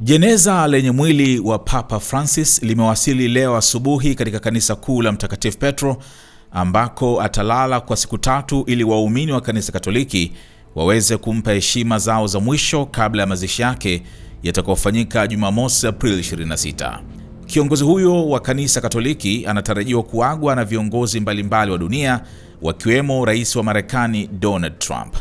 Jeneza lenye mwili wa Papa Francis limewasili leo asubuhi katika kanisa kuu la Mtakatifu Petro ambako atalala kwa siku tatu ili waumini wa kanisa Katoliki waweze kumpa heshima zao za mwisho kabla ya mazishi yake yatakaofanyika Jumamosi Aprili 26. Kiongozi huyo wa kanisa Katoliki anatarajiwa kuagwa na viongozi mbalimbali wa dunia wakiwemo Rais wa Marekani Donald Trump.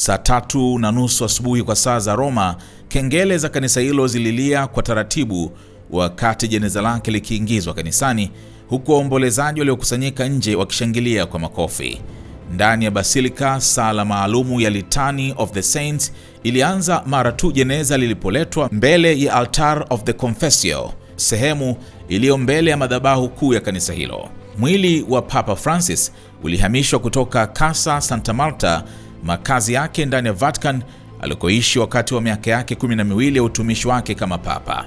Saa tatu na nusu asubuhi kwa saa za Roma, kengele za kanisa hilo zililia kwa taratibu wakati jeneza lake likiingizwa kanisani, huku waombolezaji waliokusanyika nje wakishangilia kwa makofi. Ndani ya basilika, sala maalumu ya Litany of the Saints ilianza mara tu jeneza lilipoletwa mbele ya Altar of the Confessio, sehemu iliyo mbele ya madhabahu kuu ya kanisa hilo. Mwili wa Papa Francis ulihamishwa kutoka Casa Santa Marta makazi yake ndani ya Vatican alikoishi wakati wa miaka yake kumi na miwili ya utumishi wake kama papa.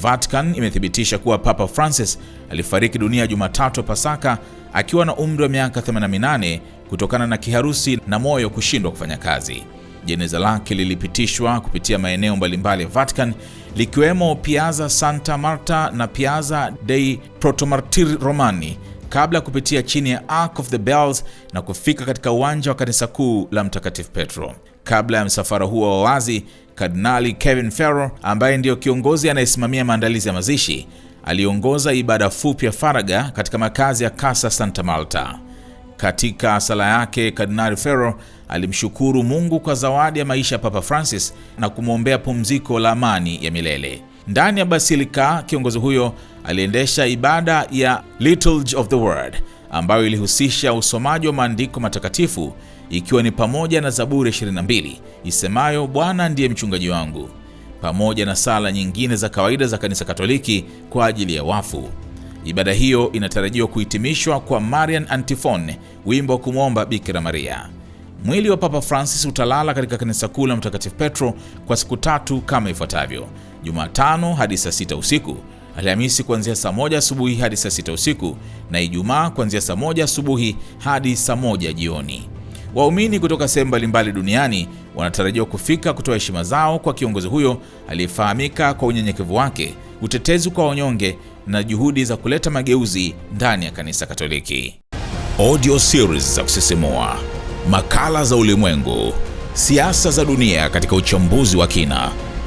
Vatican imethibitisha kuwa Papa Francis alifariki dunia Jumatatu Pasaka akiwa na umri wa miaka 88 kutokana na kiharusi na moyo kushindwa kufanya kazi. Jeneza lake lilipitishwa kupitia maeneo mbalimbali ya Vatican likiwemo Piazza Santa Marta na Piazza dei Protomartiri Romani kabla ya kupitia chini ya Ark of the Bells na kufika katika uwanja wa kanisa kuu la Mtakatifu Petro. Kabla ya msafara huo wa wazi, Kardinali Kevin Farrell ambaye ndiyo kiongozi anayesimamia maandalizi ya mazishi aliongoza ibada fupi ya faraga katika makazi ya Casa Santa Marta. Katika sala yake, Kardinali Farrell alimshukuru Mungu kwa zawadi ya maisha ya Papa Francis na kumwombea pumziko la amani ya milele. Ndani ya basilika, kiongozi huyo aliendesha ibada ya Liturgy of the Word ambayo ilihusisha usomaji wa maandiko matakatifu ikiwa ni pamoja na Zaburi 22 isemayo, Bwana ndiye mchungaji wangu, pamoja na sala nyingine za kawaida za Kanisa Katoliki kwa ajili ya wafu. Ibada hiyo inatarajiwa kuhitimishwa kwa Marian Antifon, wimbo wa kumwomba Bikira Maria. Mwili wa Papa Francis utalala katika kanisa kuu la Mtakatifu Petro kwa siku tatu kama ifuatavyo: Jumatano hadi saa sita usiku, Alhamisi kuanzia saa moja asubuhi hadi saa sita usiku na Ijumaa kuanzia saa moja asubuhi hadi saa moja jioni. Waumini kutoka sehemu mbalimbali duniani wanatarajiwa kufika kutoa heshima zao kwa kiongozi huyo aliyefahamika kwa unyenyekevu wake, utetezi kwa wanyonge na juhudi za kuleta mageuzi ndani ya kanisa Katoliki. Audio series za kusisimua, makala za ulimwengu, siasa za dunia katika uchambuzi wa kina